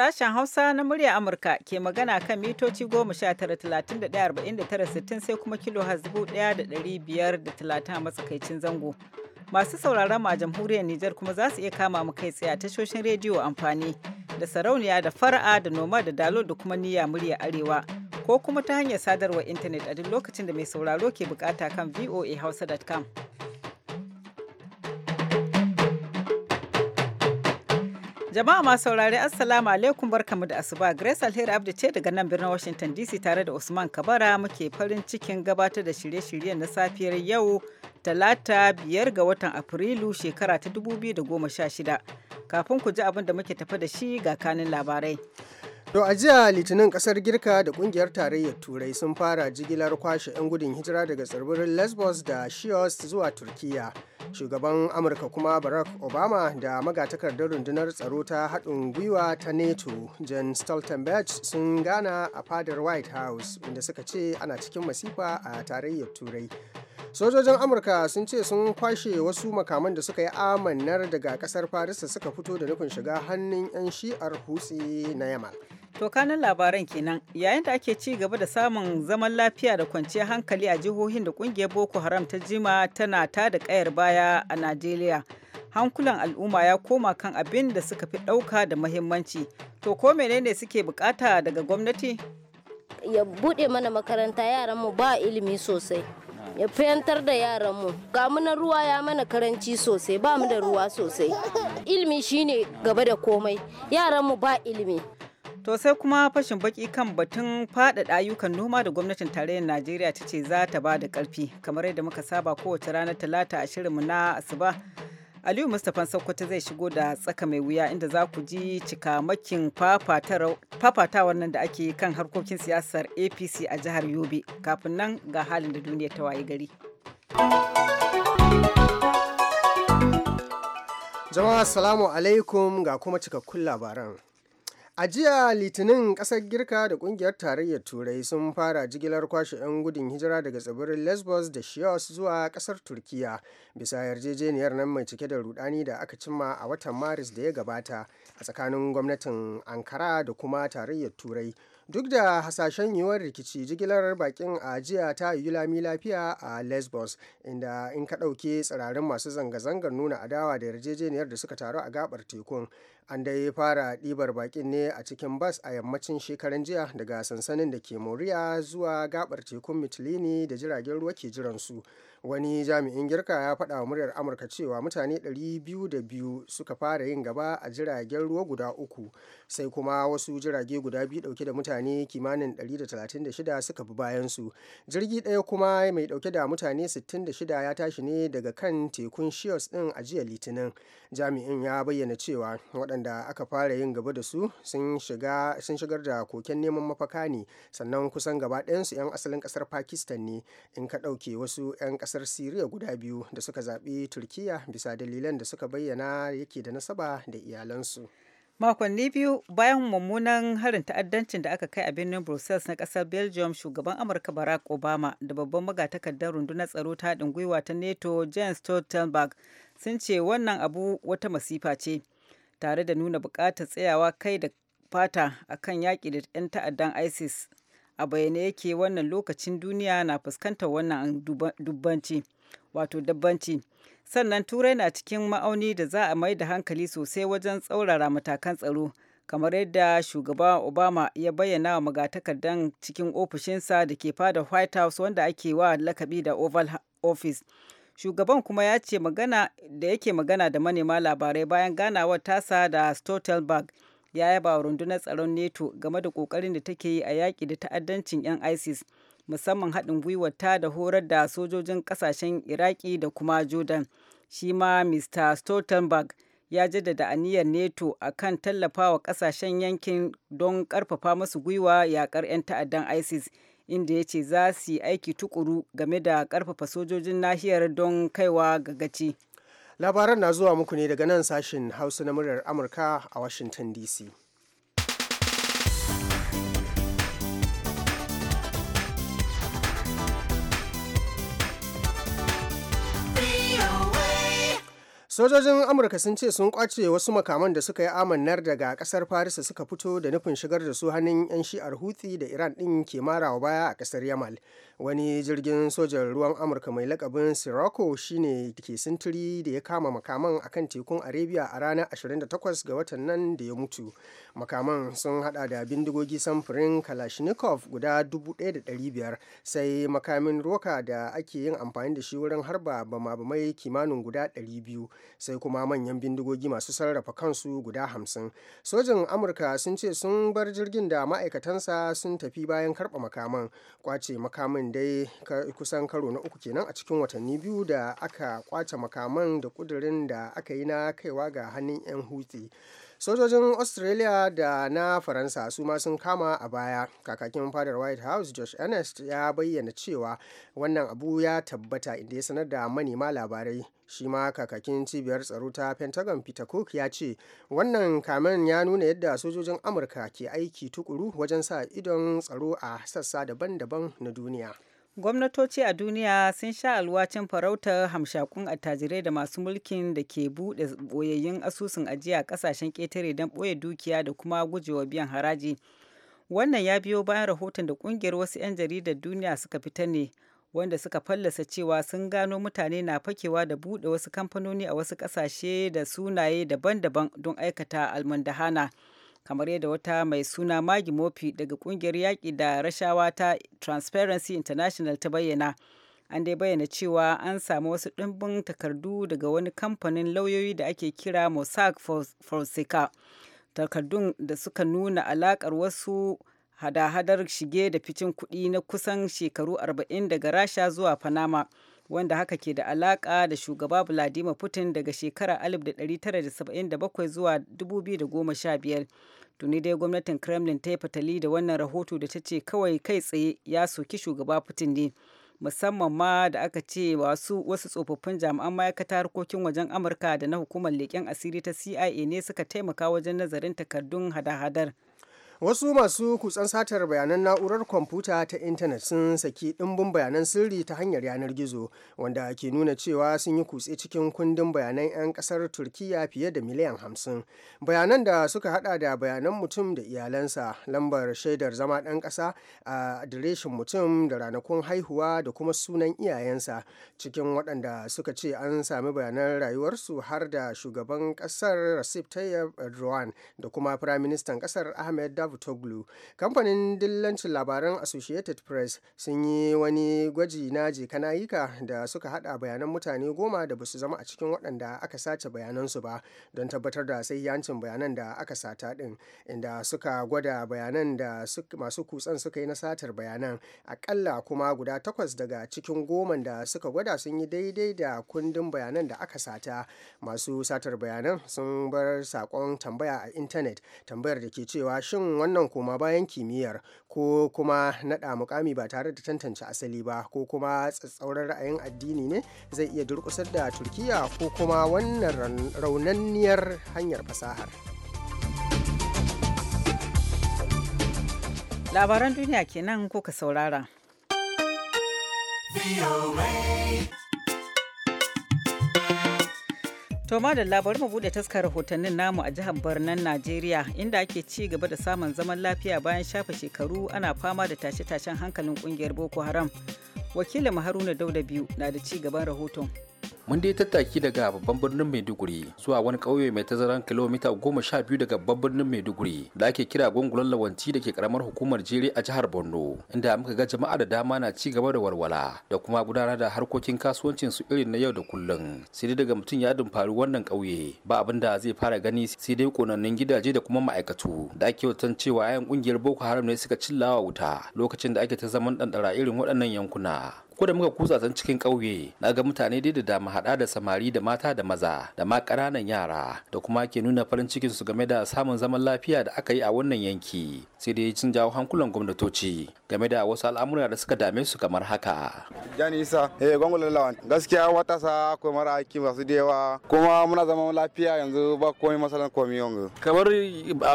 Sashen Hausa na murya Amurka ke magana kan mitoci sittin sai kuma kilo talatin a matsakaicin zango. Masu sauraron a jamhuriyar Nijar kuma za su iya kama mu kai tsaye a tashoshin rediyo amfani da sarauniya da fara'a da noma da dalo da kuma niyya murya arewa ko kuma ta hanyar sadarwar intanet a duk lokacin da mai sauraro ke bukata kan voahausa.com. Jama'a masu saurare Assalamu alaikum barkamu da asuba Grace Alheri Abdi ce daga nan birnin Washington DC tare da Usman Kabara muke farin cikin gabatar da shirye-shiryen na safiyar yau talata biyar ga watan Afrilu shekara ta 2016. Kafin ku ji abin da muke tafa da shi ga kanin labarai. To a jiya litinin kasar Girka da kungiyar tarayyar Turai sun fara jigilar kwashe 'yan gudun hijira daga tsibirin Lesbos da Chios zuwa Turkiyya. shugaban amurka kuma barack obama da magatakardar rundunar tsaro ta haɗin gwiwa ta nato jan stoltenberg sun gana a fadar white house inda suka ce ana cikin masifa a tarayyar turai sojojin amurka sun ce sun kwashe wasu makaman da suka yi amannar daga kasar farisa suka fito da nufin shiga hannun 'yan shi'ar hutsi na yamal To kanan labaran kenan yayin da ake ci gaba da samun zaman lafiya da kwanciyar hankali a jihohin da kungiyar Boko Haram ta jima tana ta da kayar baya a Najeriya. Hankulan al'umma ya koma kan abin da suka fi ɗauka da mahimmanci. To ko menene suke bukata daga gwamnati? Ya buɗe mana makaranta yaranmu ba ilimi sosai. ya fiyantar da yaranmu ga na ruwa ya mana karanci sosai ba mu da ruwa sosai ilimi shine gaba da komai yaranmu ba ilimi To sai kuma fashin baki kan batun faɗaɗa ayyukan noma da gwamnatin tarayyar Najeriya ta ce za ta ba da ƙarfi kamar yadda muka saba kowace ranar talata a shirinmu na asuba. Aliyu Mustapha Sokoto zai shigo da tsaka mai wuya inda za ku ji cikamakin fafatawar nan da ake kan harkokin siyasar APC a jihar Yobe. Kafin nan ga halin da duniya ta waye gari. Jama'a salamu alaikum ga kuma cikakkun labaran. A jiya Litinin ƙasar Girka da ƙungiyar tarayyar Turai sun fara jigilar kwashe 'yan gudun hijira daga tsibirin Lesbos da Chios zuwa ƙasar Turkiya bisa yarjejeniyar nan mai cike da rudani da aka cimma a watan Maris da ya gabata a tsakanin gwamnatin Ankara da kuma tarayyar Turai duk da hasashen yiwuwar rikici jigilar bakin a jiya ta yi lami lafiya a lesbos inda in ka ɗauki tsirarin masu zanga-zangar nuna adawa da yarjejeniyar da suka taru a gabar tekun an dai fara ɗibar bakin ne a cikin bas a yammacin shekaran jiya daga sansanin da ke moriya zuwa gabar tekun mitilini da jiragen ruwa ke jiransu wani jami'in girka ya faɗa wa muryar amurka cewa mutane 202 suka fara yin gaba a jiragen ruwa guda uku sai kuma wasu jirage guda biyu ɗauke da mutane mutane kimanin 136 suka bi bayansu jirgi ɗaya kuma mai ɗauke da mutane 66 ya tashi ne daga kan tekun shios ɗin a jiya litinin jami'in ya bayyana cewa waɗanda aka fara yin gaba da su sun shigar da koken neman mafaka ne sannan kusan gaba ɗayansu 'yan asalin ƙasar pakistan ne in ka ɗauke wasu 'yan ƙasar siriya guda biyu da suka zaɓi turkiya bisa dalilan da suka bayyana yake da nasaba da iyalansu makonni biyu bayan mummunan harin ta'addancin da aka kai a birnin brussels na kasar belgium shugaban amurka barack obama da babban magatakardar rundunar tsaro ta haɗin gwiwa ta nato jens stoltenberg sun ce wannan abu wata masifa ce tare da nuna bukatar tsayawa kai da fata a kan yaƙi da 'yan ta'addan isis a bayyane yake wannan lokacin duniya na fuskantar wannan dubbanci. wato dabbanci sannan turai na cikin ma'auni da za a mai da hankali sosai wajen tsaurara matakan tsaro kamar yadda shugaba obama ya bayyana wa magatakardan cikin ofishinsa da ke fada white house wanda ake wa lakabi da oval office shugaban kuma ya ce magana da yake magana da manema labarai bayan ganawar tasa da stoltenberg ya yaba rundunar tsaron neto game da kokarin da take yi a yaƙi da ta'addancin 'yan isis musamman haɗin gwiwar ta da horar da sojojin ƙasashen iraki da kuma jordan shi ma mr stoltenberg ya jaddada aniyar neto a kan tallafawa ƙasashen yankin don ƙarfafa masu gwiwa yaƙar 'yan ta'addan isis inda ya ce za su yi aiki tukuru game da ƙarfafa sojojin nahiyar don kaiwa ga gaci labaran na zuwa muku ne daga nan sashen hausa na muryar amurka a washington dc sojojin amurka sun ce sun kwace wasu makaman da suka yi amannar daga kasar faris suka fito da nufin shigar da su hannun 'yan shi'ar hutsi da iran din ke marawa baya a kasar yamal wani jirgin sojan ruwan amurka mai lakabin sirocco shine ke sintiri da ya kama makaman akan tekun arabia a ranar 28 ga watan nan da ya mutu makaman sun hada da bindigogi samfurin kalashnikov guda 1,500 sai makamin roka da ake yin amfani da shi wurin harba bama-bamai kimanin guda 200 sai kuma manyan bindigogi masu sarrafa kansu guda hamsin sojin amurka sun ce sun bar jirgin da ma'aikatansa sun tafi bayan karɓa makaman kwace makamin dai kusan karo na uku kenan a cikin watanni biyu da aka kwace makaman da kudirin da aka yi na kaiwa ga hannun 'yan hutsi sojojin australia da na faransa su ma sun kama a baya kakakin fadar white house josh ernest ya bayyana cewa wannan abu ya tabbata inda ya sanar da manema labarai shi ma kakakin cibiyar tsaro ta pentagon peter cook ya ce wannan kamen ya nuna yadda sojojin amurka ke aiki tukuru wajen sa idon tsaro a sassa daban-daban na duniya gwamnatoci a duniya sun sha alwacin farautar hamshakun attajirai da masu mulkin da ke buɗe ɓoyayyun asusun ajiya a ƙasashen ketare don ɓoye dukiya da kuma gujewa biyan haraji wannan ya biyo bayan rahoton da ƙungiyar wasu 'yan jaridar duniya suka fita ne wanda suka fallasa cewa sun gano mutane na fakewa da buɗe wasu kamfanoni a wasu ƙasashe da sunaye daban-daban don aikata almandahana. kamar yadda wata mai suna Maggie Murphy daga kungiyar yaƙi da rashawa ta Transparency International ta bayyana. An dai bayyana cewa an samu wasu ɗimbin takardu daga wani kamfanin lauyoyi da ake kira Mossack Fonseca. Takardun da suka nuna alaƙar wasu hada-hadar shige da ficin kuɗi na kusan shekaru 40 daga Rasha zuwa Panama. wanda haka ke da alaka da shugaba Vladimir Putin daga shekarar 1977 zuwa 2015. Tuni dai gwamnatin Kremlin ta yi fatali da wannan rahoto da ta ce kawai kai tsaye ya soki shugaba Putin ne. Musamman ma da aka ce wasu wasu tsofaffin jami'an ma'aikata harkokin wajen Amurka da na hukumar leƙen asiri ta CIA ne suka taimaka wajen nazarin takardun hada-hadar. wasu masu kutsan satar bayanan na'urar kwamfuta ta intanet sun saki ɗimbin bayanan sirri ta hanyar yanar gizo wanda ke nuna cewa sun yi kutse cikin kundin bayanan 'yan ƙasar turkiya fiye da miliyan hamsin bayanan da suka hada da bayanan mutum da iyalansa lambar shaidar zama ɗan ƙasa a adireshin mutum da ranakun haihuwa da kuma sunan iyayensa cikin waɗanda suka ce an sami bayanan rayuwarsu har da shugaban ƙasar rasif tayyip da kuma firaministan ƙasar ahmed Cavusoglu. Kamfanin dillancin labaran Associated Press sun yi wani gwaji na jekanayika da suka hada bayanan mutane goma da basu zama a cikin waɗanda aka sace bayanansu ba don tabbatar da sai yancin bayanan da aka sata ɗin inda suka gwada bayanan da masu kutsen suka yi na satar bayanan akalla kuma guda takwas daga cikin goman da suka gwada sun yi daidai da kundin bayanan da aka sata masu satar bayanan sun bar sakon tambaya a intanet tambayar da ke cewa shin wannan koma bayan kimiyyar ko kuma naɗa mukami ba tare da tantance asali ba ko kuma tsatsauran ra'ayin addini ne zai iya durƙusar da turkiya ko kuma wannan raunanniyar hanyar fasahar labaran duniya kenan ka saurara. To da bari mu bude taska rahotannin namu a jihar Barnan Najeriya inda ake ci gaba da samun zaman lafiya bayan shafe shekaru ana fama da tashe-tashen hankalin kungiyar Boko Haram. Wakilin Haruna Dauda biyu na da ci gaban rahoton. mun dai tattaki daga babban birnin maiduguri zuwa wani ƙauye mai tazaran kilomita goma sha biyu daga babban birnin maiduguri da ake kira gungulan lawanci da ke karamar hukumar jere a jihar borno inda muka ga jama'a da dama na ci gaba da walwala da kuma gudanar da harkokin kasuwancin su irin na yau da kullum sai dai daga mutum ya dumfari wannan ƙauye ba abin da zai fara gani sai dai konannun gidaje da kuma ma'aikatu da ake watan cewa 'ya'yan ƙungiyar boko haram ne suka cillawa wuta lokacin da ake ta zaman ɗanɗara irin waɗannan yankuna ko da muka kutsa san cikin ƙauye na ga mutane dai da dama haɗa da samari da mata da maza da ma ƙananan yara da kuma ke nuna farin cikin su game da samun zaman lafiya da aka yi a wannan yanki sai dai sun jawo hankulan gwamnatoci game da wasu al'amura da suka dame su kamar haka. Jani Isa, eh gwamnatin lawan gaskiya sa akwai mara aiki masu da yawa kuma muna zaman lafiya yanzu ba komai masalan komai yanzu. Kamar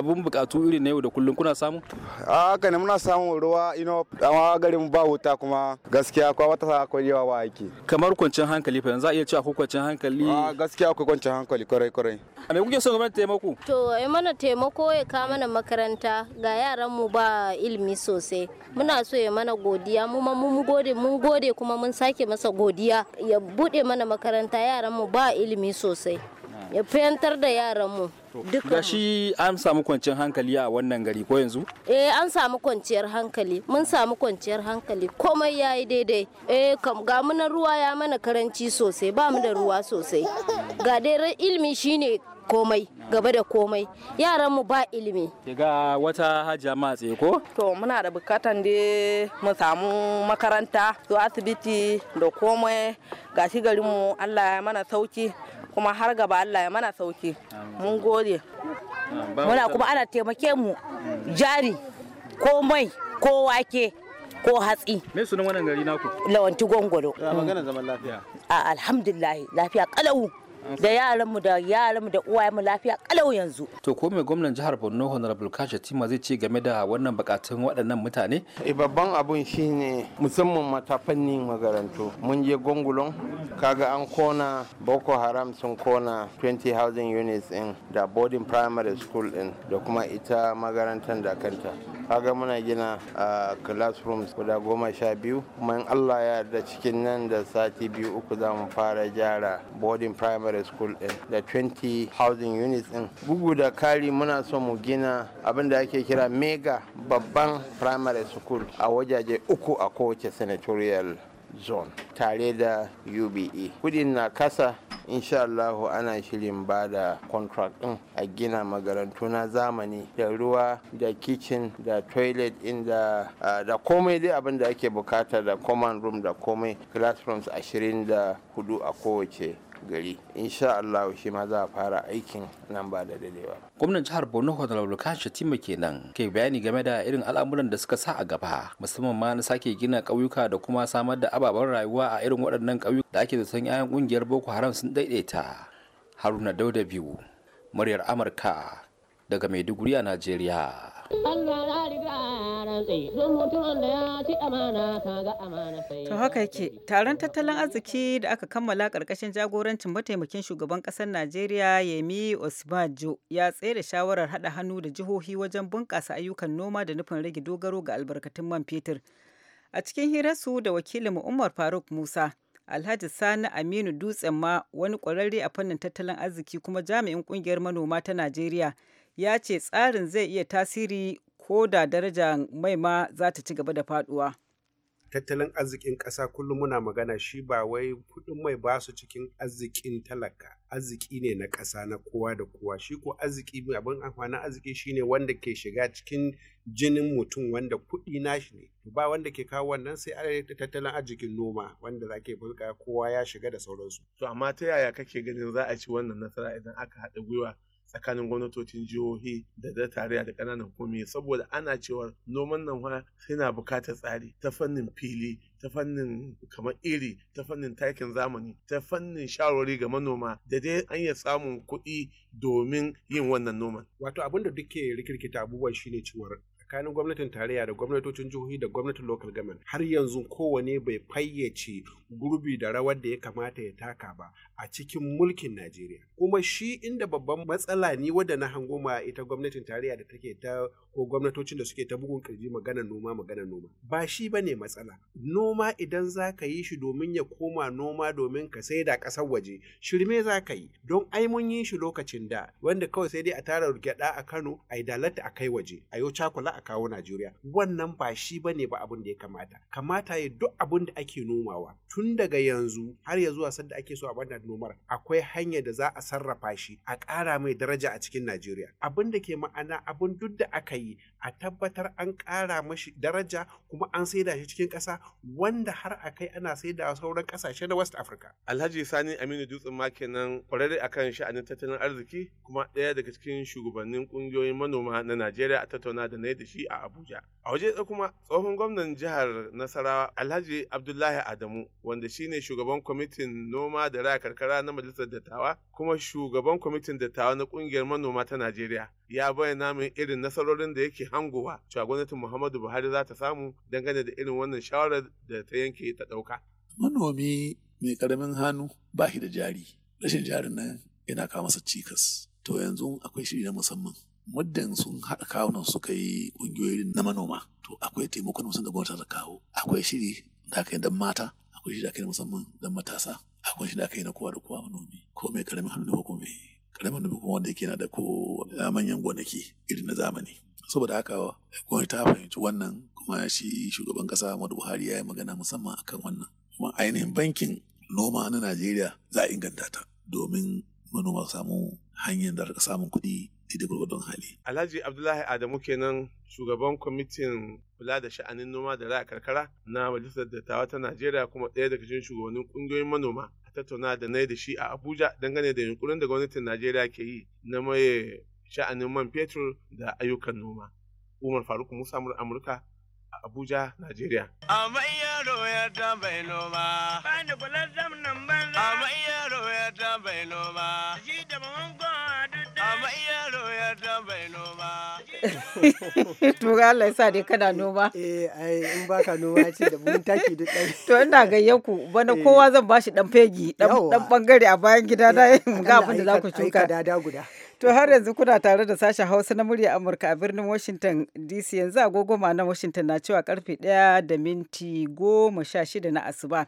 abun bukatu iri na yau da kullum kuna samu? Haka ne muna samun ruwa ino amma garin ba wuta kuma gaskiya kwa wata sa akwai yawa yake kamar kwancin hankali fa yanzu a iya cewa akwai kwancin hankali a gaskiya akwai kwancin hankali kwarai kwarai a me kuke son gwamnati taimako to ai mana taimako ya ka mana makaranta ga yaran mu ba ilimi sosai muna so ya mana godiya mu ma mun gode mun gode kuma mun sake masa godiya ya bude mana makaranta yaran mu ba ilimi sosai ya fahimtar da yaran mu. duka shi an samu kwanciyar hankali a wannan gari ko yanzu eh an samu kwanciyar hankali mun samu kwanciyar hankali komai yayi daidai eh kam ga ruwa ya mana karanci sosai ba mu da ruwa sosai ga dai ilimi shine komai gaba da komai yaran mu ba ilimi ga wata hajja matse ko to muna da bukatan da mu samu makaranta to asibiti da komai gashi garin mu Allah ya mana sauki kuma har gaba Allah ya mana sauki mun gode muna kuma ana taimake mu mm. jari ko mai ko wake ko hatsi me sunan wannan gari naku lawanti gongolo magana zaman lafiya mm. alhamdulillah lafiya kalau da yaranmu da yaranmu da uwayenmu lafiya kalau yanzu to ko mai gwamnan jihar Borno Honorable Kashi Tima zai ce game da wannan bukatun waɗannan mutane e babban abun shine musamman matafannin magarantu mun je gongulon kaga an kona Boko Haram sun kona 20 housing units din da boarding primary school din da kuma ita magarantar da kanta kaga muna gina a ah, classrooms guda goma sha biyu kuma in allah ya yarda cikin nan da sati biyu uku za mu fara gyara boarding primary school din da 20 housing units din bugu da kari muna so mu gina abin da ake kira mega babban primary school a wajaje uku a kowace senatorial zone tare da ube kudin na kasa insha Allah ana shirin ba da contract din a gina magarantu na zamani da ruwa da kitchen da toilet in da komai dai abin da ake bukata da common room da komai classrooms 24 a kowace gari insha Allah shi ma za a fara aikin nan ba da dalewa gwamnan jihar Borno Honorable Lukas Shatima kenan ke bayani game da irin al'amuran da suka sa a gaba musamman ma na sake gina ƙauyuka da kuma samar da ababen rayuwa a irin waɗannan ƙauyuka da ake zaton 'ya'yan ƙungiyar Boko Haram sun daidaita Haruna Dauda biyu muryar Amurka daga Maiduguri a Najeriya Allah haka yake taron tattalin arziki da aka kammala karkashin jagorancin mataimakin shugaban kasar Najeriya Yemi Osbajo ya tsere shawarar hada hannu da jihohi wajen bunƙasa ayyukan noma da nufin rage dogaro ga albarkatun man fetur a cikin hirarsu da wakilin Umar Faruk Musa Alhaji Sani Aminu Dutsen ma wani ƙwararre a fannin tattalin arziki kuma jami'in ƙungiyar manoma ta Najeriya ya ce tsarin zai iya tasiri ko da darajar mai ma za ta ci gaba da faduwa. Tattalin arzikin ƙasa kullum muna magana shi ba wai kuɗin mai ba su cikin arzikin talaka, arziki ne na ƙasa na kowa da kowa. Shi ko arziki abin amfanin arziki shi ne wanda ke shiga cikin jinin mutum wanda kuɗi nashi ne. Ba wanda ke kawo wannan sai tattalin arzikin noma wanda za ke kowa ya shiga da sauransu. To amma ta yaya kake ganin za a ci wannan nasara idan aka haɗa gwiwa tsakanin gwamnatocin jihohi da da tarayya da ƙananan komai saboda ana cewa noman nan fa yana buƙatar tsari ta fannin fili ta fannin kamar iri ta fannin takin zamani ta fannin shawarwari ga manoma da dai an iya samun kuɗi domin yin wannan noman. Wato abin da duke rikirkita abubuwan shine cewar tsakanin gwamnatin tarayya da gwamnatocin jihohi da gwamnatin local government har yanzu kowane bai fayyace gurbi da rawar da ya kamata ya taka ba a cikin mulkin Najeriya. Kuma shi inda babban matsala ni wadda na hango ma ita gwamnatin tarayya da take ta ko gwamnatocin da suke ta bugun kirji magana noma magana noma. Ba shi ba ne matsala. Noma idan za ka yi shi domin ya koma noma domin ka sai da ƙasar waje. Shirme za ka yi don ai mun yi shi lokacin da wanda kawai sai dai a tara gyaɗa a Kano a yi dalata a kai waje a yau cakula a kawo Najeriya. Wannan ba shi ba ne ba abin da ya kamata. Kamata ya duk abin da ake nomawa tun daga yanzu har ya zuwa sanda ake so a banda nomar akwai hanyar da za a sarrafa shi a ƙara mai daraja a cikin Najeriya. Abin da ke ma'ana abin duk da aka yi a tabbatar an ƙara mashi daraja kuma an saida shi cikin ƙasa wanda har a kai ana saida sauran ƙasashe na West Africa. Alhaji Sani Aminu Dutsen ma kenan kwararre akan sha'anin tattalin arziki kuma ɗaya daga cikin shugabannin ƙungiyoyin manoma na Najeriya a tattauna da na da shi a Abuja. A waje kuma tsohon gwamnan jihar Nasarawa Alhaji Abdullahi Adamu wanda shine shugaban kwamitin noma da raya karkara na majalisar dattawa kuma shugaban kwamitin dattawa na kungiyar manoma ta Najeriya ya bayyana min irin nasarorin da yake hangowa cewa gwamnatin Muhammadu Buhari za ta samu dangane da irin wannan shawarar da ta yanke ta dauka. Manomi mai karamin hannu ba da jari rashin jarin nan yana kawo masa cikas to yanzu akwai shiri na musamman muddin sun haɗa kawunan suka yi ƙungiyoyi na manoma to akwai taimakon musamman da gwamnati ta kawo akwai shiri da aka yi don mata akwai shiri da aka yi musamman don matasa akwai shi da aka yi na kowa da kowa manomi ko mai karamin hannu da kuma mai karamin hannu ko wanda yake na da ko manyan gonaki irin na zamani saboda haka gwamnati ta fahimci wannan kuma shi shugaban kasa Muhammadu Buhari ya yi magana musamman akan wannan kuma ainihin bankin noma na Najeriya za a inganta ta domin manoma samu hanyar da samun kuɗi daidai gwargwadon hali. Alhaji Abdullahi Adamu kenan shugaban kwamitin kula da sha'anin noma da raya karkara na majalisar dattawa ta Najeriya kuma ɗaya daga cikin shugabannin ƙungiyoyin manoma a tattauna da na da shi a Abuja dangane da yunkurin da gwamnatin Najeriya ke yi na maye sha'anin man fetur da ayyukan noma. Umar Faruk Musa mur Amurka a Abuja, Najeriya. A yaro ya bai noma. kula tura Allah sa dai kana noma eh ai in baka noma ce da mun taki duk dai to ina gayya ku bana eh. kowa zan bashi dan fegi dan dan bangare a bayan gida da eh, ga abin da za ku shuka dada guda To har yanzu kuna tare da sashen Hausa na murya Amurka a birnin Washington DC yanzu ma na Washington na cewa karfe 1 da minti goma na asuba.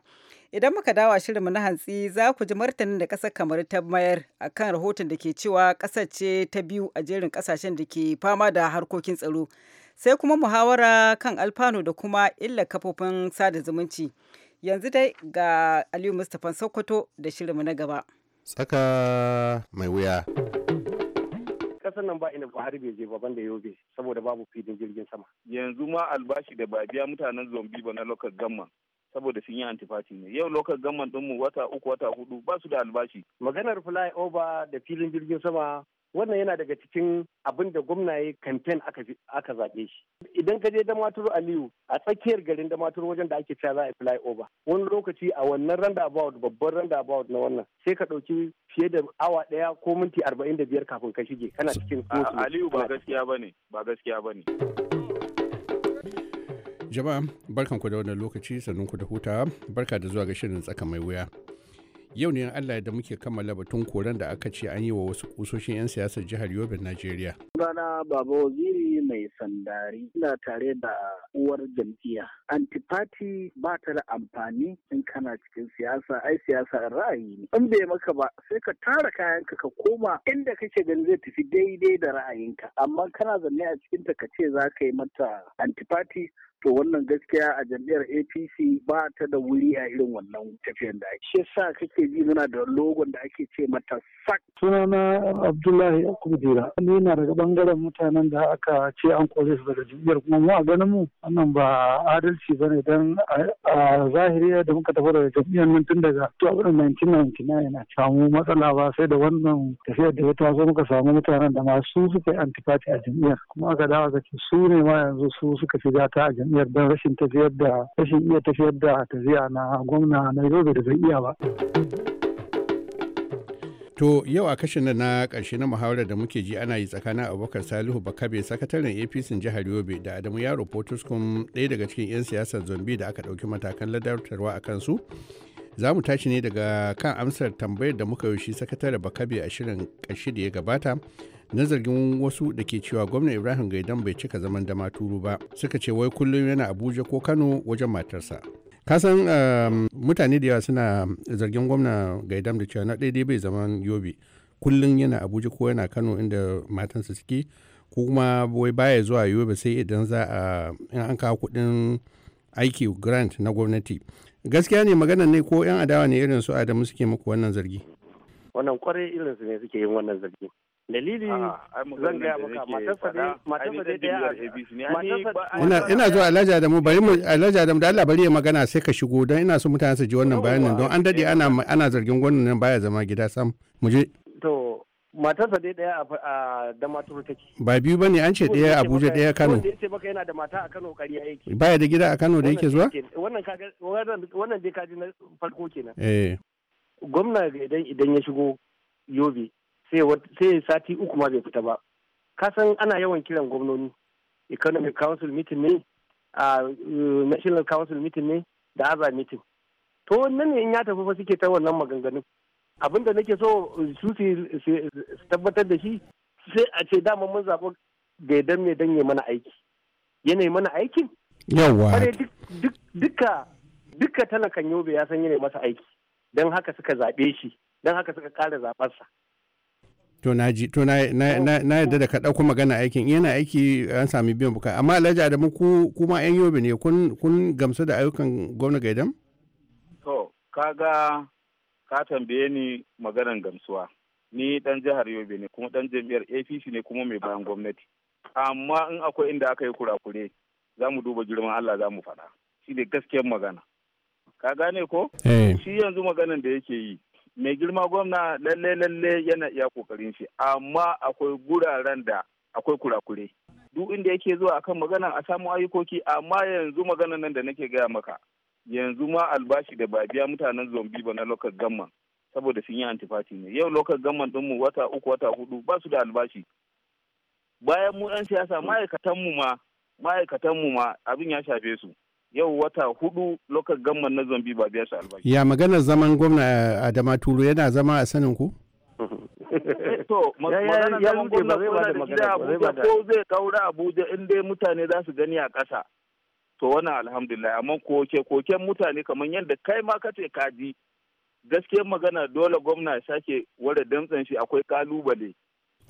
Idan muka dawa a shirinmu na hantsi za ku ji martanin da ƙasar kamar ta mayar a kan rahoton da ke cewa ƙasar ce ta biyu a jerin kasashen da ke fama da harkokin tsaro. Sai kuma muhawara kan alfano da kuma illa kafofin sada zumunci. Yanzu dai ga Aliyu Mustapha Sokoto da shirinmu na gaba. Tsaka mai wuya. kasar nan ba ina Buhari bai je ba banda Yobe saboda babu filin jirgin sama. Yanzu ma albashi da ba biya mutanen Zombi ba na lokal gamma saboda sun yi antifati ne yau lokacin gamman dinmu wata uku wata hudu ba su da albashi maganar fly over da filin jirgin sama wannan yana daga cikin abin da gwamnaye kamfen aka zaɓe shi idan ka je damaturu aliyu a tsakiyar garin damaturu wajen da ake cewa za a fly over wani lokaci a wannan randa about babban randa about na wannan sai ka ɗauki fiye da awa ɗaya ko minti arba'in da biyar kafin ka shige kana cikin aliyu ba gaskiya ba ne. ba gaskiya ba ne. Jama'a barkan ku da wannan lokaci ku da hutawa, barka da zuwa ga shirin tsaka mai wuya. Yau ne Allah da muke kammala batun koren da aka ce an yi wa wasu kusoshin 'yan siyasar jihar Yobe Najeriya. Gana Baba Waziri mai sandari ina tare da uwar jam'iyya. Antipati ba ta da amfani in kana cikin siyasa ai siyasa ra'ayi ne. In bai maka ba sai ka tara kayanka ka koma inda kake ganin zai tafi daidai da ra'ayinka amma kana zanne a cikin ta ka ce za ka yi mata antipati to wannan gaskiya a jam'iyyar apc ba ta da wuri a irin wannan tafiyan da ake shi sa kake bi muna da logon da ake ce mata sak sunana abdullahi akubdira ni na daga bangaren mutanen da aka ce an kore su daga jam'iyyar kuma mu a ganin mu wannan ba adalci ba ne don a zahiri da muka tafi daga jam'iyyar nan tun daga 1999 yana samu matsala ba sai da wannan tafiyar da ya taso muka samu mutanen da masu suka yi antifati a jam'iyyar kuma aka dawo ka ce su ne ma yanzu su suka shiga ta a jami'ar rashin tafiyar da rashin iya tafiyar da tafiya na gwamna na yobe da bai iya ba. To yau a kashin na ƙarshe na muhawarar da muke ji ana yi tsakanin Abubakar Salihu Bakabe sakataren APC jihar Yobe da Adamu Yaro Potoskum ɗaya daga cikin 'yan siyasar Zombi da aka ɗauki matakan ladartarwa a kansu. Za mu tashi ne daga kan amsar tambayar da muka yi shi sakataren Bakabe a shirin karshe da ya gabata na zargin wasu da ke cewa gwamnan Ibrahim Gaidan bai cika zaman dama turu ba suka ce wai kullum yana Abuja ko Kano wajen matarsa. kasan um, mutane da yawa suna zargin gwamna gaidam da cewa na daidai bai zaman yobe kullum yana abuja ko yana kano inda matansa suke ko kuma wai baya zuwa yobe sai idan za a in an kawo kuɗin aiki grant na gwamnati gaskiya ne magana ne ko yan adawa ne irin su adamu suke muku wannan zargi wannan kwarai irin su ne suke yin wannan zargi dalili zan gaya maka matarsa ne matarsa ne da ina zuwa alhaji adamu bari mu alhaji adamu da Allah bari ya magana sai ka shigo dan ina so mutane su ji wannan bayanin don an dade eh, ana ana zargin gwamnan nan baya zama gida sam mu je to matarsa dai daya a damaturu take ba biyu bane an ce daya Abuja daya Kano wanda yace maka yana da mata a Kano kariya yake baya da gida a Kano da yake zuwa wannan kaga wannan dai kaji na farko kenan eh gwamna idan idan ya shigo Yobe sai sati uku ma bai fita ba kasan ana yawan kiran gwamnoni economic council meeting ne uh, national council meeting ne da aza meeting to wannan ne in ya tafi fa suke ta wannan maganganun abin da nake so su su tabbatar da shi sai a ce dama mun zaɓi da ya dan dan mana aiki yanayi mana aikin yawa duka duka talakan yobe ya san yanayi masa aiki don haka suka zaɓe shi don haka suka ƙara zaɓarsa to na ji to na oh, yadda oh. da ka ɗauko magana aikin yana aiki an sami biyan buka amma alhaji adamu ku kuma yan yobe ne kun gamsu da ayyukan gwamna gaidam to kaga ka tambaye ni maganan gamsuwa ni dan jihar yobe ne kuma dan jam'iyyar apc ne kuma mai bayan gwamnati amma in akwai inda aka yi kurakure za mu duba girman allah za mu faɗa shi ne gaskiyar magana ka gane ko eh. shi yanzu maganan da yake yi mai girma gwamna lalle lalle yana iya kokarin shi amma akwai guraren da akwai kurakure duk inda yake zuwa akan magana a samu ayyukoki amma yanzu maganan nan da nake gaya maka yanzu ma albashi da ba biya mutanen zombi ba na lokal gamman saboda sun yi antifati ne yau lokal gamman dinmu wata uku wata hudu ba su da albashi bayan mu yan siyasa ma'aikatan ma ma abin ya shafe su yau wata hudu lokacin gamman na zambi ba biya shi albashi. Ya maganar zaman gwamna Adama turu yana zama a sanin ku? To, maganar zaman gwamna kuna da gida Abuja ko zai kaura Abuja in dai mutane za su gani a ƙasa. To wannan alhamdulillah amma koke koken mutane kamar yadda kai ma kace kaji kaji magana dole gwamna ya sake ware dantsen shi akwai kalubale.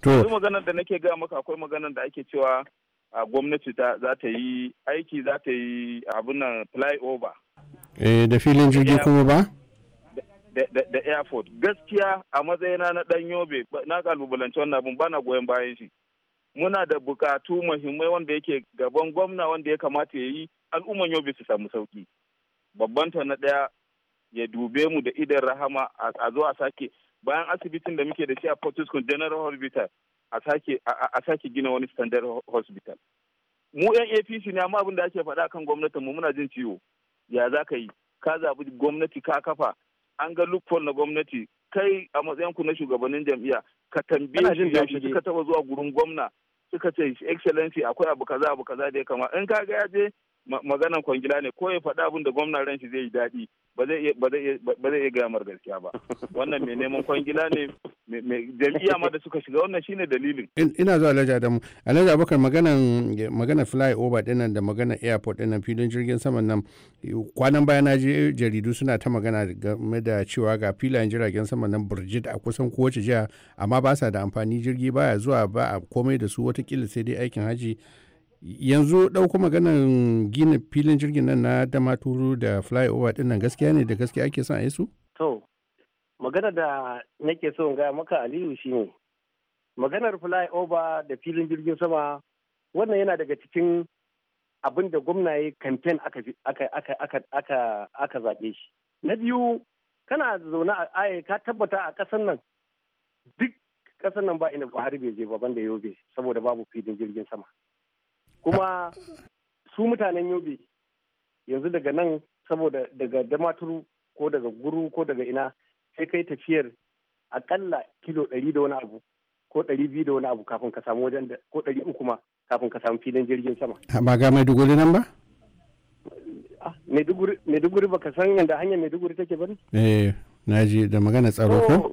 To. maganar da nake ga maka akwai maganar da ake cewa a gwamnati za ta yi aiki za ta yi abunan flyover eh, da filin jirgi kuma ba da airport gaskiya a matsayina na dan yobe na kalubalanci wannan abun bana goyon bayan shi muna da bukatu muhimmai wanda yake gaban gwamna wanda ya kamata ya yi al'umman yobe su samu sauki babban ta na daya ya dube mu da idan rahama a zo a sake bayan asibitin da muke da shi a Portisco General Hospital a sake gina wani standard hospital mu yan apc ne amma abin da ake faɗa kan gwamnatin mu muna jin ciwo ya za ka yi ka zaɓi gwamnati ka kafa an ga loophole na gwamnati kai a matsayin ku na shugabannin jam'iyya ka tambaye shi shi suka taba zuwa gurin gwamna suka ce excellency akwai abu kaza abu kaza da ya kama in ka gaya ya je maganan kwangila ne ko ya faɗa abin da gwamna ran shi zai yi daɗi ba zai iya gaya gaskiya ba wannan mai neman kwangila ne jam'iyya ma da suka shiga wannan shine dalilin ina zuwa alhaji adamu alhaji abubakar maganan magana fly over dinnan da magana airport dinnan filin jirgin saman nan kwanan baya na je jaridu suna ta magana game da cewa ga filayen jiragen saman nan burjit a kusan kowace jiha amma ba sa da amfani jirgi baya zuwa ba a komai da su watakila sai dai aikin haji yanzu ɗauko maganan gina filin jirgin nan na damaturu da fly over dinnan gaskiya ne da gaskiya ake son a yi su to magana da nake so gaya maka aliyu shine maganar flyover da filin jirgin sama wannan yana daga cikin abin da gwamna ya kamfen aka zaɓe shi na biyu kana zaune a aye ka tabbata a ƙasar nan duk ƙasar nan ba ina buhari bai je ba banda yobe saboda babu filin jirgin sama kuma su mutanen yobe yanzu daga nan saboda daga damaturu ko daga guru ko daga ina sai kai tafiyar akalla kilo ɗari da wani abu ko ɗari biyu da wani abu kafin ka samu wajen da ko ɗari uku ma kafin ka samu filin jirgin sama. Ah, ba ga Maiduguri nan ba? Ah, Maiduguri ba ka san yadda hanyar Maiduguri take ba ne? Eh, na ji da magana tsaro ko?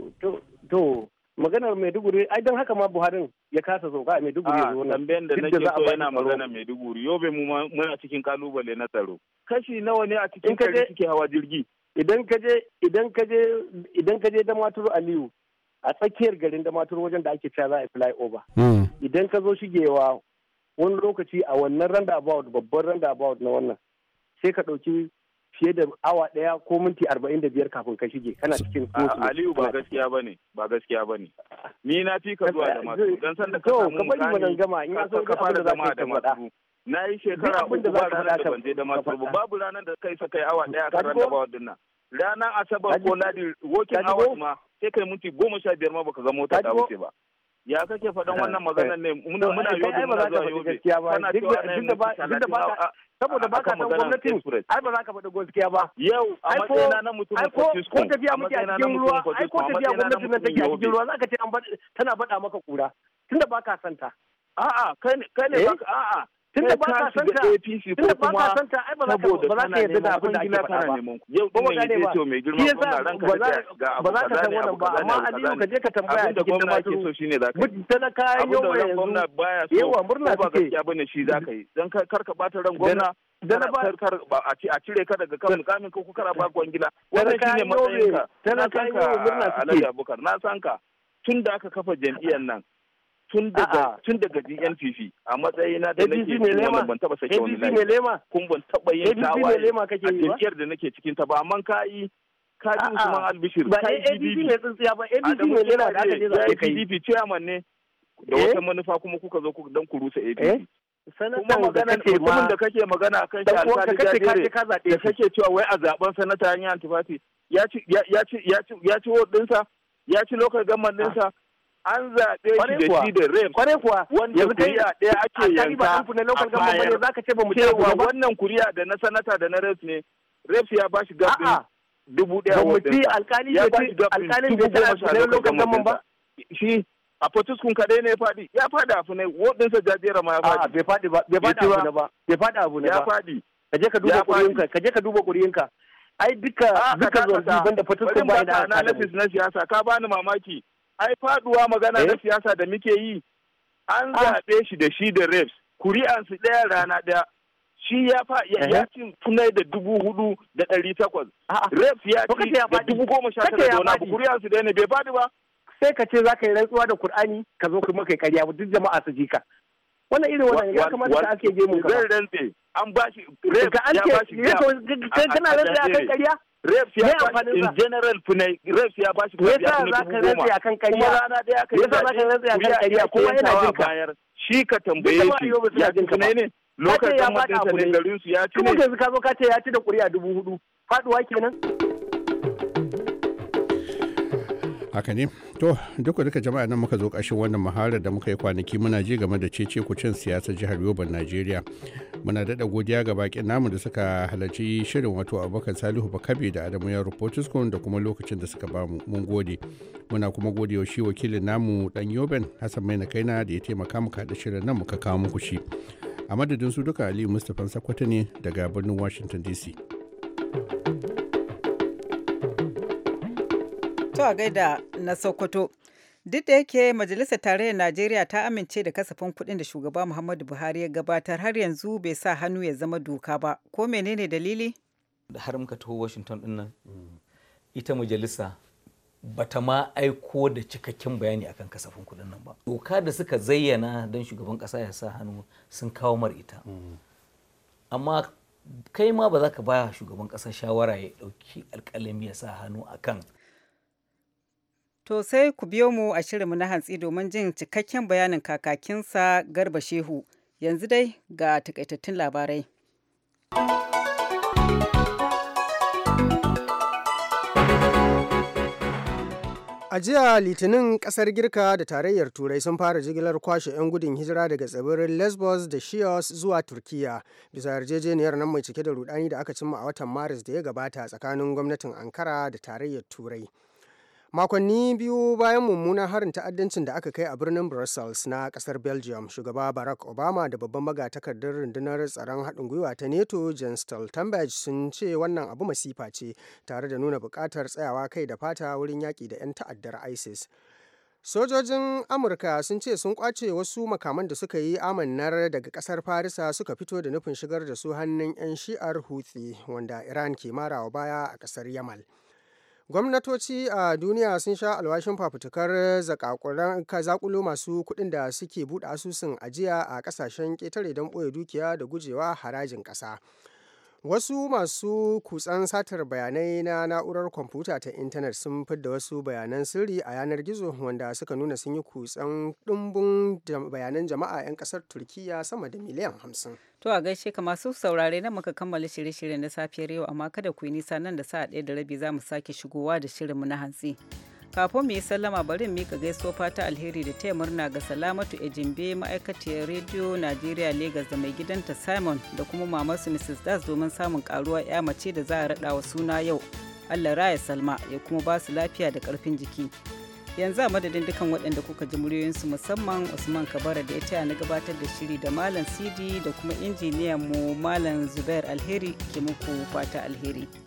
To, maganar Maiduguri ai don haka ma Buharin ya kasa sauka a Maiduguri zo wannan. Ah, tambayan da nake so yana magana Maiduguri, yobe mu muna cikin kalubale na tsaro. Kashi nawa ne a cikin kare suke hawa jirgi? idan ka je idan ka je idan ka je damaturu aliyu a tsakiyar garin damaturu wajen da ake cewa za a over hmm. idan ka zo shigewa wani lokaci a wannan randa about babban about na wannan sai ka ɗauki fiye da awa ɗaya ko minti arba'in da biyar kafin ka shige kana cikin aliyu ba gaskiya bane ba gaskiya bane ni na fi ka zuwa da masu dan san da ka samu ka bari mu in ka fara zama da masu na yi shekara uku ba ranar da ban je da masu ba babu ranar da kai sa kai awa daya kan ranar ba wadin ranar asabar ko ladi wokin hours ma sai kai minti goma sha biyar ma baka ga mota ta wuce ba ya kake faɗan wannan eh, maganar ne eh. muna muna yobe muna zuwa yobe kana cewa na yin saboda ba ka san gwamnati ai ba za ka faɗi gaskiya ba yau a matsayina na mutum na Francisco ko tafiya muke a cikin ruwa ai ko tafiya gwamnatin nan take a cikin ruwa ka ce tana faɗa maka kura tunda ba ka santa a'a kai ne eh? a'a tun da eh, ba ka san ta tunda ka san ta ai ba za ka ba za ka yarda da abin da ake faɗa ba yau ba wanda ne ba shi yasa ba za ba za ka san wannan ba amma aliyu ka je ka tambaya da gwamna ke so shine za ka yi talaka yau yanzu gwamna baya so yawa murna ba gaskiya bane shi za ka yi dan kar ka bata ran gwamna kar a cire ka daga kan mukamin ko kara ba gwangila wannan shine matsayinka na san ka alhaji abubakar na san ka tun da aka kafa jam'iyyar nan tun daga tun daga GNPP a matsayina da nake wannan ban taba sake wani layi kun ban taba yin tawaye a jinkiyar da nake cikin ta ba amma ka yi ka ji kuma albishir ba A.D.C ne tsintsiya ba ADP ne lema da aka ce za ka yi ADP chairman ne da wata eh? manufa kuma kuka zo dan ku rusa A.D.C. Eh? sanata magana ce ma da kake magana akan shi alƙali jajire da kake cewa wai a zaben sanata hanyar antifati ya ci ya ci ya ci ya ci ya ci lokacin gamman dinsa an zaɓe shi da shi da rem kwarai kuwa wanda kuri'a ɗaya ake yanka a bayar zaka ce ba mu cewa wannan kuri'a da na sanata da na ref ne ref ya ba shi gafin dubu ɗaya wa ya ba shi gafin dubu goma sha lokacin ba shi a potiskun kaɗai ne ya faɗi ya faɗi abu ne waɗinsa jajera ma ya faɗi bai faɗi ba bai faɗi abu ne ba bai faɗi abu ne ba ya faɗi ka je ka duba ƙuri'inka ka je ka duba ƙuri'inka ai duka duka zuwa zuwa da kun ba ina alkali na siyasa ka bani mamaki ai faduwa magana na eh? siyasa da muke yi an ah. zaɓe shi da shi da reps kuri'ansu ɗaya rana ɗaya shi ya fa ya eh? ci tunai da dubu hudu da ɗari takwas ah, ah. reps ya ci da dubu goma sha tara da wani abu kuri'ansu ɗaya ne bai faɗi ba sai ka ce za ka yi rantsuwa da kur'ani ka zo kuma kai karya duk jama'a su ji ka wannan irin wannan ya kamata ka ake je mun ka zan rantse an ba shi reps ya ba shi kana rantse akan karya Refs ya ba in general funai ya bashi kuma ya za ka rana ka yi za ka kuma yana jin ka shi ka tambaye shi ya jin ka ne lokacin mutunta ne garin su ya ci ne kuma ka zo ka ce ya ci da kuri'a dubu hudu faduwa kenan haka ne to duka duka jama'a nan muka zo ƙarshen wannan mahalar da muka yi kwanaki muna ji game da cece kucin siyasar jihar yoban najeriya muna daɗa godiya ga bakin namu da suka halarci shirin wato abokan salihu bakabe da adamu yaro potiskon da kuma lokacin da suka bamu mun gode muna kuma gode shi wakilin namu dan yoben hassan maina kaina da ya taimaka muka da shirin nan muka kawo muku shi a madadin su duka aliyu mustapha sakwata ne daga birnin washington dc To a gaida na Sokoto. Duk da yake Majalisar Tarayyar Najeriya ta amince da kasafin kuɗin da shugaba Muhammadu Buhari ya gabatar har yanzu bai sa hannu ya zama doka ba. Ko menene dalili? Da har muka taho Washington din nan. Ita majalisa bata ma aiko da cikakken bayani akan kasafin kuɗin nan ba. Doka da suka zayyana don shugaban ƙasa ya sa hannu sun kawo mar ita. Amma kai ma ba za ka ba shugaban ƙasa shawara ya ɗauki alƙalami ya sa hannu akan To sai ku biyo mu a shirinmu na hantsi domin jin cikakken bayanin kakakinsa Garba Shehu. Yanzu dai ga takaitattun labarai. A jiya Litinin kasar Girka da tarayyar Turai sun fara jigilar kwashe 'yan gudun hijira daga tsibirin Lesbos da Chios zuwa Turkiya bisa yarjejeniyar nan mai cike da rudani da aka cimma a watan Maris da ya gabata tsakanin gwamnatin Ankara da tarayyar Turai. makonni biyu bayan mummunan harin ta'addancin da aka kai a birnin brussels na kasar belgium shugaba barack obama da babban magatakardar rundunar tsaron haɗin gwiwa ta neto jens stoltenberg sun ce wannan abu masifa ce tare da nuna buƙatar tsayawa kai da fata wurin yaƙi da 'yan ta'addar isis Sojojin Amurka sun ce sun kwace wasu makaman da suka yi amannar daga kasar Farisa suka fito da nufin shigar da su hannun 'yan shi'ar Houthi wanda Iran ke marawa baya a kasar Yamal. gwamnatoci a duniya sun sha alwashin fafutukar zakulo masu kuɗin da suke buɗe asusun ajiya a ƙasashen ƙetare don ɓoye dukiya da gujewa harajin ƙasa wasu masu kutsan satar bayanai na na'urar kwamfuta ta intanet sun fidda wasu bayanan sirri a yanar gizo wanda suka nuna sun yi kutsan ɗumbin bayanan jama'a 'yan ƙasar turkiya sama da miliyan hamsin. To a gaishe ka masu saurare na muka kammala shirye-shiryen na safiyar yau amma kada ku yi nisa nan da sa'a ɗaya da rabi za mu sake shigowa da mu na hantsi. Kafin mu yi sallama bari mu ka gaisuwa fata alheri da taya murna ga Salamatu Ejimbe ma'aikaciyar Rediyo Najeriya lagos da mai gidanta Simon da kuma mamarsu Mrs. Das domin samun karuwa ya mace da za a raɗa wa suna yau. Allah raya Salma ya kuma ba su lafiya da ƙarfin jiki. yanzu a madadin dukan waɗanda kuka ji muryoyinsu musamman usman kabara da ya taya na gabatar da shiri da malam sidi da kuma injiniyan mu malam zubair alheri ke muku fata alheri